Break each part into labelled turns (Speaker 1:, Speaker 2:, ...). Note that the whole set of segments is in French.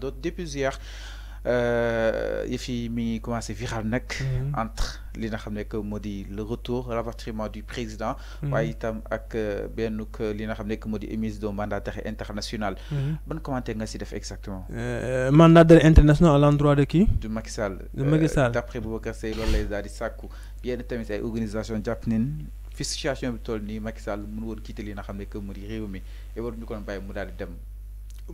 Speaker 1: d'autres depuis euh, yëf yi mi ngi commencé viral nag. Mhm. entre li nga xamné que modi le retour rapatriement du président. Mhm. waye tam ak euh, benn li nga xamné que modi di émise de mandataire international. Mhm. ban commentaire nga si def exactement.
Speaker 2: Euh, euh, mandataire international à l'endroit de qui. du Macky Sall. du Macky Sall
Speaker 1: d'après Boubacar Seye loolu lay daal di bien tamit ay organisation jàpp nañ fi situation bi toll ni Macky Sall mënu woon quitter li nga xamné que modi réew mi et waruñu ko bàyyi mu dal di dem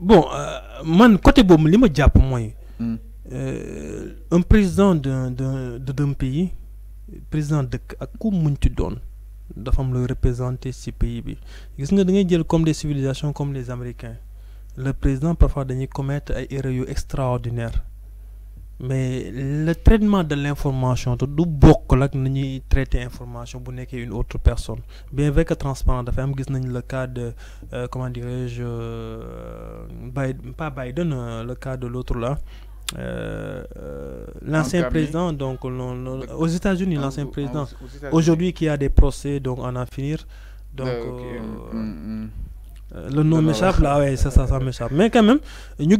Speaker 1: bon euh,
Speaker 2: man côté boobu li ma jàpp mooy. Hmm. Euh, un président d'un d'un un pays président de ak ku muñ ci doon da fam représenter ci pays bi gis nga da ngay comme des civilisations comme les Américains le président parfois dañuy commettre ay erreurs extraordinaires mais le traitement de l'information tout du monde lak ni traiter information bu une autre personne bien avec transparent dafa am gis nañ le cas de euh, comment dirais-je euh, pas Biden euh, le cas de l'autre là l'ancien président donc aux États-Unis ah, l'ancien président aujourd'hui qui a des procès donc en à donc mm, mm, mm. Euh, le nom m'échappe là, ouais, ça, ça, ça m'échappe. Mais quand même, nous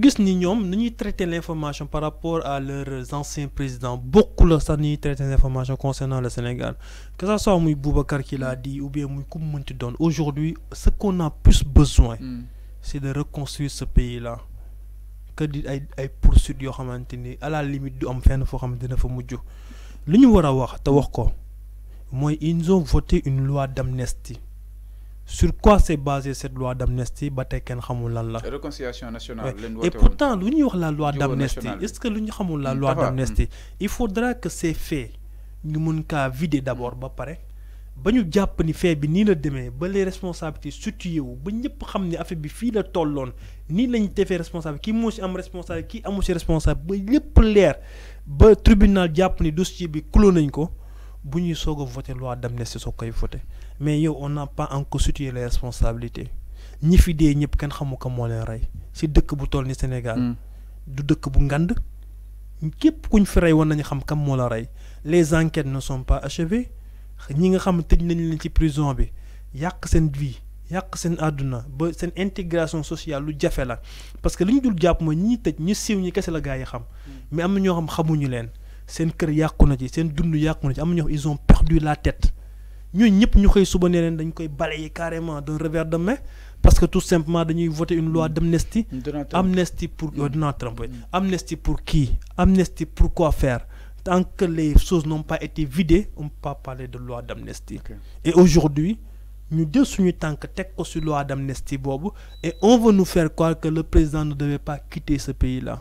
Speaker 2: avons nous traitons l'information par rapport à leurs anciens présidents. Beaucoup de ça, nous traitons l'information concernant le Sénégal. Que ce soit Mouy Boubacar qui l'a dit ou bien Mouy Koumounti donne. Aujourd'hui, ce qu'on a plus besoin, hmm. c'est de reconstruire ce pays-là. Que Yo poursuites, à la limite, du homme fait un forum de Nefomoudjo. Ce que nous devons ils ont voté une loi d'amnistie sur quoi s'est basée cette loi d'amnistie ba la.
Speaker 1: réconciliation nationale et pourtant
Speaker 2: nous avons la loi d'amnistie est-ce que nous avons la hmm, loi d'amnistie hmm. il faudra que ces faits Nous mun vider d'abord Si nous ba ñu ni fait bi ni les responsabilités situé wu ba ñëpp xam ne affaire bi fii la tolloon nii lañ defee responsable Qui moo ci am responsable Qui amu le responsable ba lépp leer ba tribunal jàpp ni dossier bi clos nañ ko bu sogo la loi d'amnistie mais yow on n'a pas encore situé les responsabilités ni fi dee ñëpp kenn xamu ko moo leen rey si dëkk bu toll ni Sénégal. Hmm. du dëkk bu ngand képp kuñ fi ray won nañu xam kam mo la ray les enquêtes ne sont pas achevées ñi nga xam tej nañ leen ci prison bi yàq seen vie yàq seen àdduna ba seen intégration sociale lu jafe la parce que li ñu dul jàpp mooy ñi tëj ñu siiw ñi kese la gaa yi xam hmm. mais am na ñoo xam xamuñu leen seen kër yàqu na ci seen dund yàqu na ci am na ñoo xam ils ont perdu la tête. Nous, nous ñu xëy nous ne dañ balayer carrément d'un revers de main parce que tout simplement dañuy voter une loi d'amnistie amnistie pour euh, mm. notre mm. amnistie pour qui amnistie pour quoi faire tant que les choses n'ont pas été vidées on ne peut pas parler de loi d'amnistie et aujourd'hui nous devons suñu ko sur loi d'amnistie et on veut nous faire croire que le président ne devait pas quitter ce pays là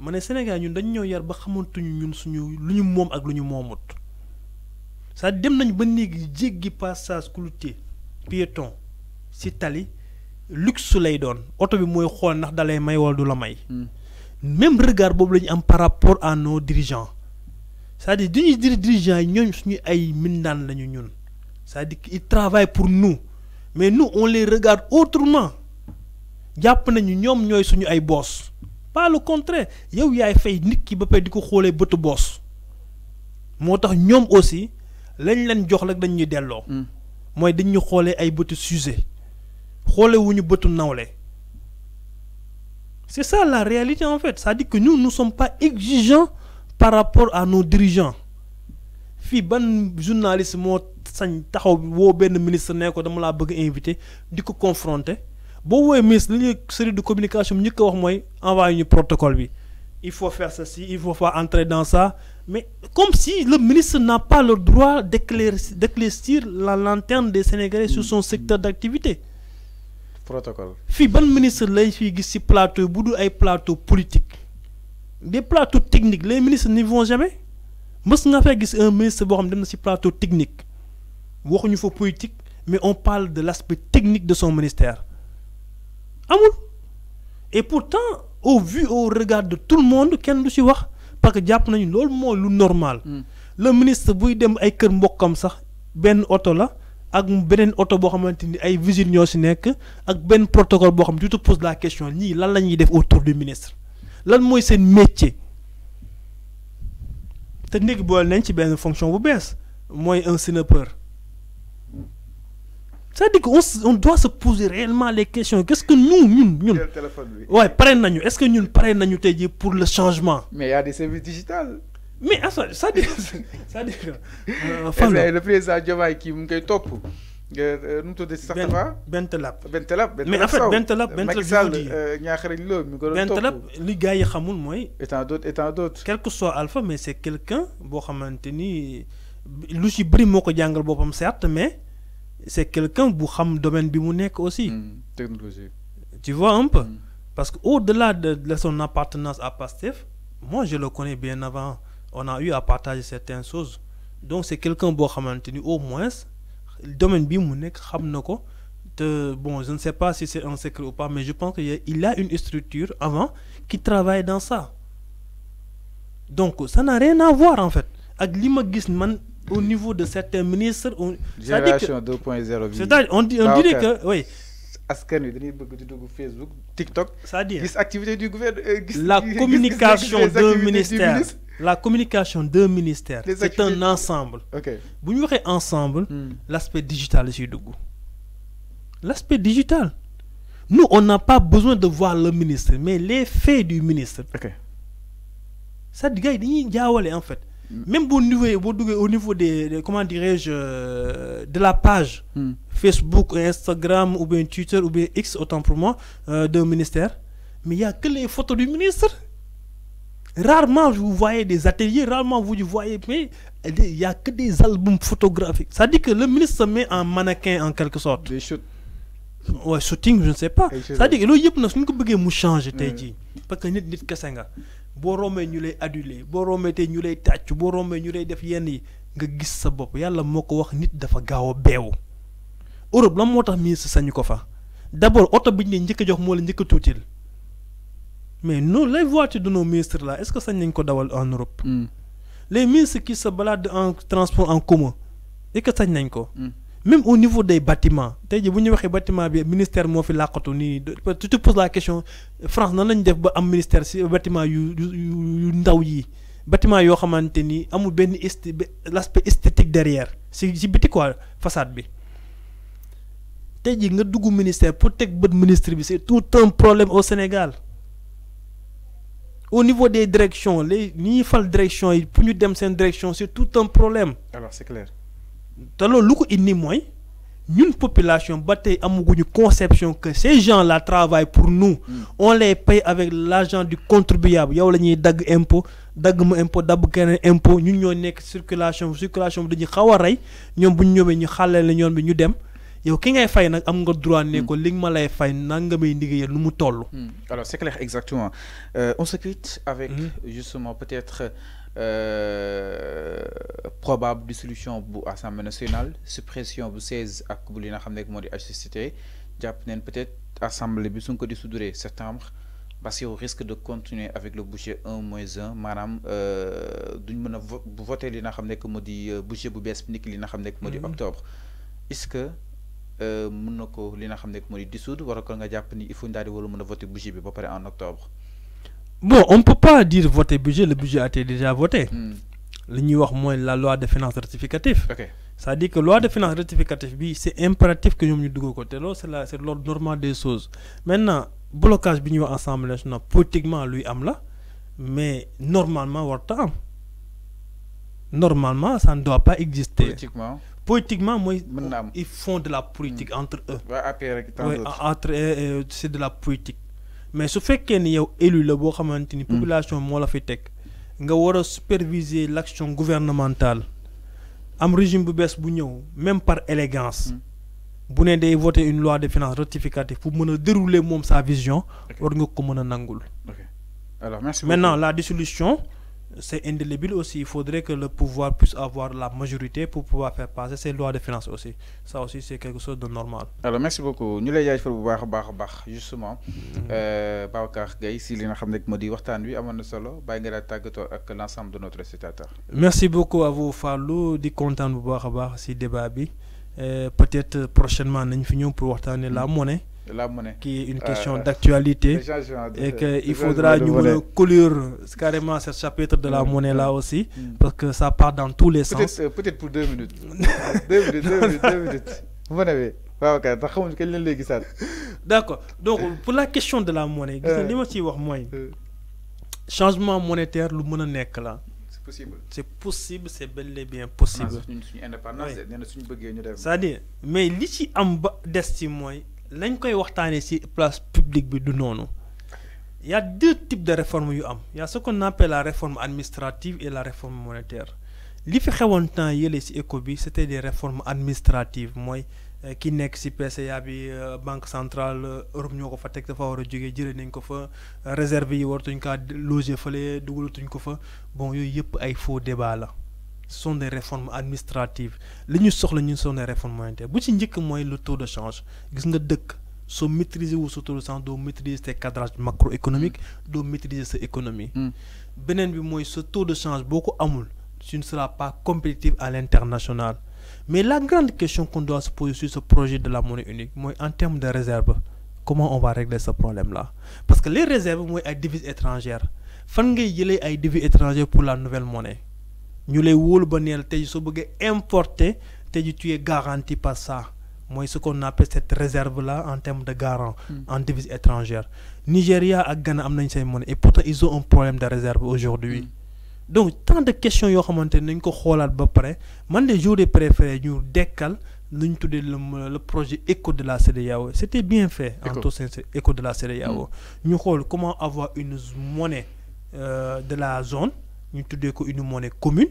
Speaker 2: ma ne Sénégal ñun dañu ñoo yar ba xamantuñu ñun suñu lu ñu ak lu ñu moomut ba néegi jéggi passage clouté piéton si tali luxe lay doon oto bi may du la may. Hmm. même regard par rapport à nos dirigeants c'est-à-dire que ñuy dirigeants à dire travaillent pour nous mais nous on les regarde autrement nañu suñu ay boss pas le contraire yow yaay fay nit ki ba peut diko ko xoolee boss motax ñom aussi lañ lañ jox rek dañ ñuy dello hmm. moy dañ ñu xoolee ay bëtu sujet xoolee wuñu ñu nawlé c'est ça la réalité en fait ça dit que nous nous sommes pas exigeants par rapport à nos dirigeants fi ban journaliste mo sañ taxaw wo ben ministre ne ko dama la bëgg invité diko confronter. Bon woowee ministre li une de communication on va ko un protocole il faut faire ceci il faut entrer dans ça mais comme si le ministre n'a pas le droit d'éclaircir la lanterne des Sénégalais sur son secteur d'activité. protocole Si le ministre lay a gis ci plateau plateau politique des plateaux techniques les ministres n'y vont jamais mës nga fay gis un ministre qui xam dem na plateau technique un fa politique mais on parle de l'aspect technique de son ministère et pourtant au vu au regard de tout le monde qu'elle du ci wax parce que le normal. Hmm. le ministre buy dem ay un mbokam sax ben auto la ak benen auto mot xamanteni ay visite ñoo ci protocole bo xam la question ni lan la def autour du ministre lan moy sen métier te nañ ci fonction bu un ça veut dire qu'on doit se poser réellement les questions qu'est-ce que nous nous, est-ce que nous, prenons nous pour le changement. mais il y a des services digitales. mais ah, ça, dire
Speaker 1: cest euh, le président euh, euh, ben- Bentelap mais en fait Bentelap
Speaker 2: Bentelap quel que soit Alpha mais c'est quelqu'un boo xamante lu ci mais c'est quelqu'un bu xam domaine bi aussi. Hmm, technologie. tu vois un peu. Hmm. parce quau delà de, son appartenance à Pastef moi je le connais bien avant on a eu à partager certaines choses donc c'est quelqu'un qui a maintenu au moins le domaine bi bon je ne sais pas si c'est un secret ou pas mais je pense qu'il a une structure avant qui travaille dans ça donc ça n'a rien à voir en fait Avec au niveau de certains ministres. On, Génération 2.0. cest on, dit, on dirait que.
Speaker 1: Oui. askan Facebook TikTok. cest à du gouvernement euh, la communication d'un ministère
Speaker 2: la communication d'un ministère. c'est un ensemble. ok bu ñu ensemble. Hmm. l'aspect digital de siy l'aspect digital nous on n'a pas besoin de voir le ministre mais les faits du ministre. ok c'est-à-dire gars yi en fait même bon niveau au niveau des, comment dirais-je euh, de la page. Hmm. Facebook Instagram ou bien Twitter ou bien X autant pour moi euh, d'un ministère mais il y a que les photos du ministre. Rarement vous voyez des ateliers, rarement vous voyez, mais il n'y a que des albums photographiques. Ça dit que le ministre se met en mannequin en quelque sorte. Des Ouais, shooting, je ne sais pas. Ça dit que le nous ne pas changer, Parce que boo rombee ñu lay aduler boo rombee te ñu lay tàccu boo rombee ñu lay def yenn yi nga gis sa bopp yàlla moo ko wax nit dafa gaaw a beew Europe la moo tax ministre sañu ko fa d'abord oto bi ñu ne njëkk a jox moo la njëkk a tuutil mais noonu les voitures de nos ministres là est-ce que sañ nañ ko dawal en Europe. Hmm. les ministres qui se baladent en transport en commun est sañ nañ ko. Hmm. même au niveau des bâtiments tay jii buñu ñu bâtiment bi ministère mo fi laqatu ni tu te poses la question France nan lañ def ba am ministère si bâtiment yu yu ndaw yi bâtiment yo xamanteni amul ben esthétique derrière ci si biti quoi façade bi tay jii nga dugg ministère pour tek beut ministre bi tout un problème au Sénégal au niveau des directions les ñi fal direction pour ñu dem direction c'est tout un problème. alors c'est clair te loolu il n'est indi mooy ñun population ba tey conception que ces gens là travaillent pour nous mm. on les paye avec l'argent du contribuable yow lañuy dag dagg impôt dagg ma impôt dabb keneen impôt ñun ñoo nek circulation circulation de dañuy xawa ray. Ñom buñ ñowé ñu ñëwee la ñoon bi ñu dem yow ki ngay fay nak am nga droit ne ko mm. li nga ma lay fay nangamay ndigey lu mu tollu. Mm.
Speaker 1: alors c'est clair exactement euh, on se quitte avec justement peut-être euh, probable dissolution de assemblée nationale suppression de 16 ak bu li nga xam modi peut-être assemblée bi sun ko dissoudre septembre risque de continuer avec le budget 1-1. Madame, vous duñ voter voter li nga xam ne euh, budget bu bees bi li nga mm-hmm. octobre est-ce que vous euh, pouvez ko li nga modi dissoudre wala ko nga japp ni budget bi
Speaker 2: ba en octobre bon on ne peut pas dire voter budget le budget a été déjà voté. Le New York, la loi de finances rectificative. Ça dit à dire que loi de finances rectificative c'est impératif que nous nous dugal ko côté. C'est l'ordre normal des choses maintenant blocage bi l'Assemblée nationale, ensemble politiquement lui am mais normalement normalement ça ne doit pas exister. politiquement politiquement ils font de la politique hmm. entre eux. entre euh, euh, c'est de la politique mais su fekkee ni yow élu la boo xamante ni. Mm. population moo la fi teg. nga war superviser l' gouvernementale am régime bu bees bu ñëw même par élégance mm. bu ne day voter une loi de finances rectificative pour mën dérouler moom sa vision. war nga ko mën nangul. alors merci maintenant la dissolution c'est indélébile aussi. Il faudrait que le pouvoir puisse avoir la majorité pour pouvoir faire passer ces lois de finances aussi. Ça aussi, c'est quelque chose de normal.
Speaker 1: Alors, merci beaucoup. Nous l'avons fait pour voir, voir, voir, justement. Mm-hmm. Euh, Babacar Gaye, si l'on a dit que nous avons dit, avant de solo, nous avons avec l'ensemble de notre citateur.
Speaker 2: Merci beaucoup à vous, Fallou. Je suis content de vous voir, voir, si débat. Euh, peut-être prochainement, nous finissons pour voir la monnaie la monnaie. Qui est une euh, question d'actualité. Et qu'il faudra nous coulure carrément ce chapitre de la mm, monnaie là mm, aussi, mm. parce que ça part dans tous les peut sens. Euh, peut-être pour deux minutes. deux minutes, deux minutes, deux minutes. Vous D'accord. Donc, pour la question de la monnaie, euh. euh, changement monétaire, le monnaie nek là. C'est possible.
Speaker 1: C'est possible, c'est bel et bien possible. Ah, C'est-à-dire,
Speaker 2: mais l'ici en bas d'estime, lañ koy waxtaanee ci place publique bi du il y a deux types de réformes yu am y a ce qu'on appelle la réforme administrative et la réforme monétaire li fi xewoon temps yële ci éco bi c'était des réformes administratives mooy euh, ki nekk ci PCA bi euh, banque centrale euh, Europe ñoo ko fa teg dafa war a jógee jëlee nañ ko fa réserve yi wartuñ kaa loger fële dugalatuñ ko fa bon yooyu yëpp ay faux débat la ce sont des réformes administratives ce sont des réformes monétaires bu ci njëkk que le taux de change gis nga dëkk soo maîtriser wu taux de change doo maîtriser tes cadrages macroéconomiques mm. doo maîtriser cette économie mm. beneen bi ce taux de change beaucoup tu ne seras pas compétitif à l'international mais la grande question qu'on doit se poser sur ce projet de la monnaie unique en termes de réserve comment on va régler ce problème là parce que les réserves sont ay devises étrangères fan ngay a ay devises étrangères pour la nouvelle monnaie nous lay wóolu ba neel tey soo bëggee importer tu es garanti par ça C'est ce qu'on appelle cette réserve là en termes de garant hmm. en devise étrangère Nigeria ak Ghana am nañ monnaie et pourtant ils ont un problème de réserve aujourd'hui hmm. donc tant de questions yoo xamante ne nañ ko xoolaat ba pare man de jours préféré ñu dekkal le projet éco de la CEDEAO c'était bien fait en tout sens éco de la CEDEAO hmm. ñu xool comment avoir une monnaie euh, de la zone nous avons une monnaie commune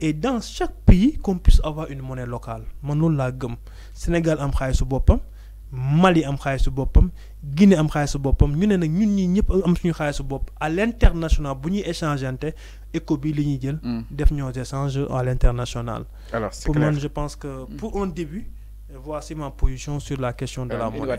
Speaker 2: et dans chaque pays qu'on puisse avoir une monnaie locale man loolu que gëm Sénégal am xaalisu boppam Mali am xaalisu bopam, Guinée am xaalisu boppam ñu ne un ñun ñi à l'international bu nous échangeante éco bi li ñuy jël. Hmm. à l'international. alors je pense que hmm. pour un début voici ma position sur la question de la monnaie.